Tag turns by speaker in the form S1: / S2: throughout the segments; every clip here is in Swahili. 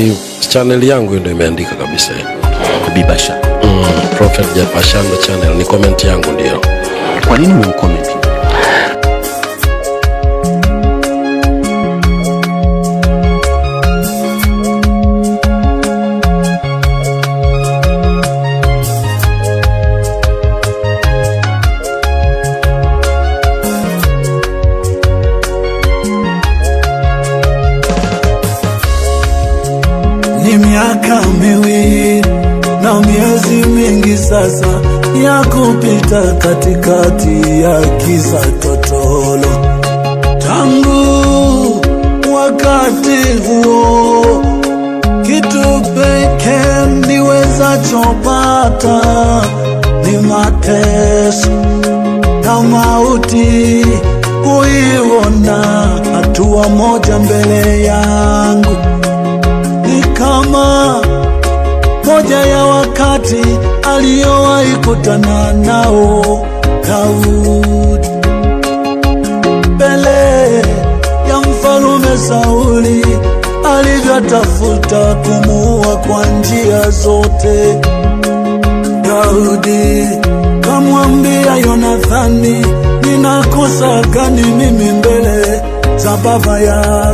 S1: si channel yangu ndio imeandika kabisa Bibasha. Mm, Prophet Jabasha ndo channel ni comment yangu ndio.
S2: Kwa nini comment?
S3: sasa ya kupita katikati ya kiza totolo. Tangu wakati huo, kitu pekee niweza chopata ni mateso na mauti, kuiona hatua moja mbele yangu ni kama moja ya wakati aliyowahi kutana nao Daudi mbele ya mfalume Sauli alivyotafuta kumuua kwa njia zote. Daudi kamwambia Yonathani, ninakosa gani mimi mbele za baba ya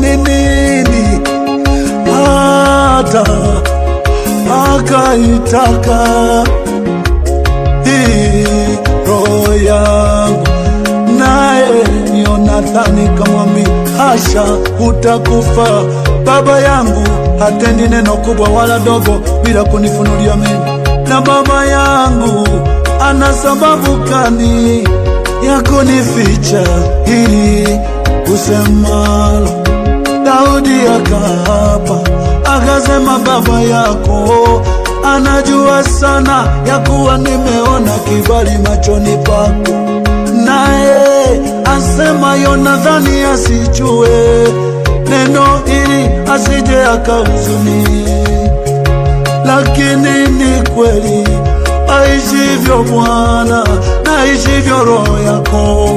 S3: ni nini hata akaitaka hii roho yangu, naye Yonathani kamwambi, hasha, utakufa. Baba yangu hatendi neno kubwa wala dogo bila kunifunulia mimi, na baba yangu ana sababu kani ya kunificha hili kusemalo Daudi akaapa akasema, baba yako anajua sana ya kuwa nimeona kibali machoni pako, naye asema yonathani asichue neno ili asije akahuzuni. Lakini ni kweli aishivyo Bwana na aishivyo roho yako,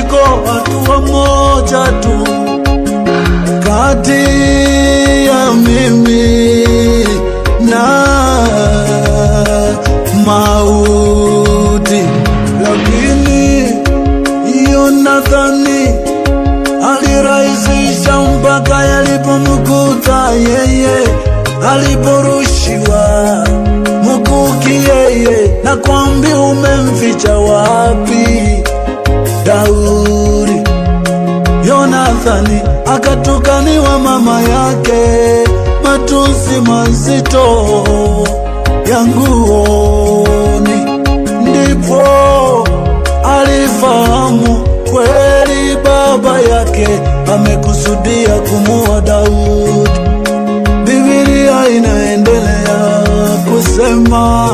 S3: iko hatua moja tu kati ya mimi na mauti, lakini hiyo nadhani alirahisisha mpaka yalipomkuta yeye aliporushiwa mukuki yeye, na kwambi umemficha wapi Daudi Yonathani? akatukaniwa mama yake, matusi mazito yanguoni, ndipo alifahamu kweli baba yake amekusudia kumua Daudi. Biblia inaendelea kusema,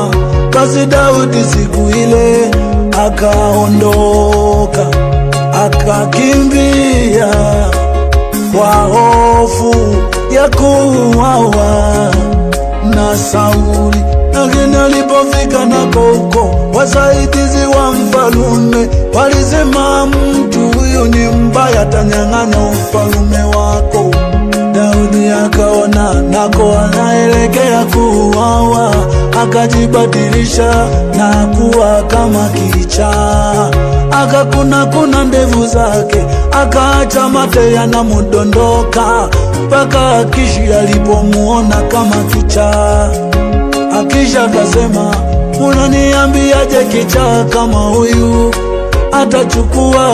S3: basi Daudi siku ile akaondoka akakimbia kwa hofu ya kuuawa na Sauli. Lakini alipofika nako koko, wasaidizi wa mfalume walisema, mtu huyo ni mbaya, tanyang'anya ufalume wako. Daudi akaona nako anaelekea kuuawa, akajibadilisha na kuwa kama kichaa akakuna kuna ndevu zake, akaacha mate yanamudondoka mpaka Akishi alipomuona kama kichaa. akisha kasema unaniambiaje kicha kama huyu atachukua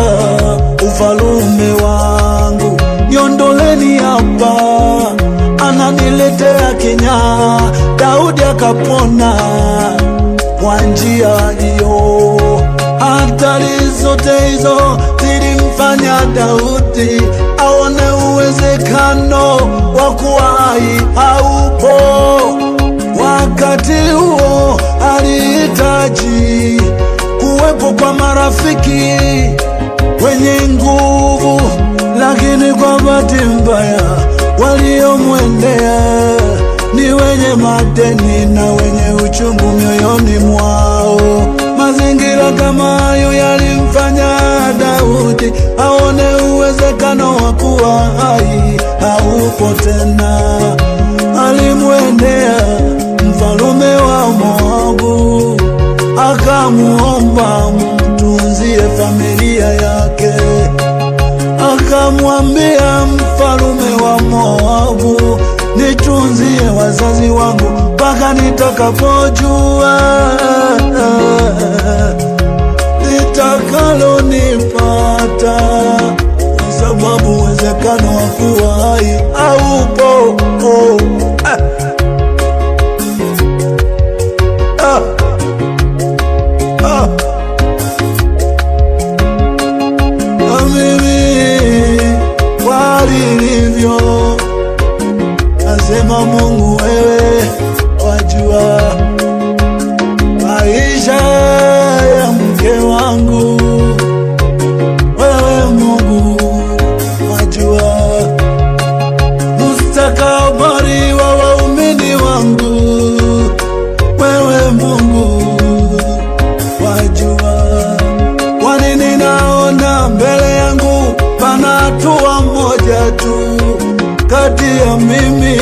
S3: ufalume wangu? Niondoleni hapa, ananiletea kinya Daudi akapona kwa njia hiyo zote hizo zilimfanya Daudi aone uwezekano wa kuwa hai haupo. Wakati huo alihitaji kuwepo kwa marafiki wenye nguvu, lakini kwa bahati mbaya waliomwendea ni wenye madeni na wenye uchungu mioyoni mwao. Mazingira kama hayo yalimfanya Daudi aone uwezekano wa kuwa hai haupo tena. Alimwendea mfalume wa Moabu akamuomba mtunzie familia yake. Akamwambia mfalume wa Moabu, nitunzie wazazi wangu mpaka nitakapojua tu kati ya mimi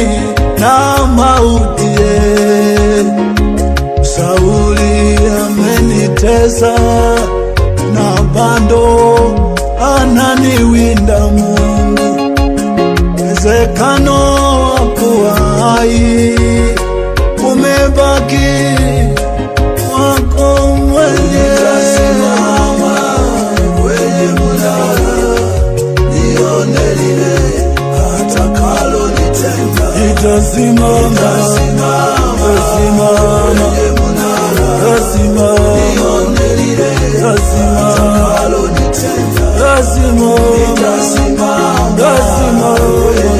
S3: na mauti. Sauli amenitesa na bando ananiwinda Mungu, uwezekano wa kuwa hai umebaki wako mwenyewe.
S4: Nitasimama, nitasimama, nitasimama,
S5: nitasimama, nitasimama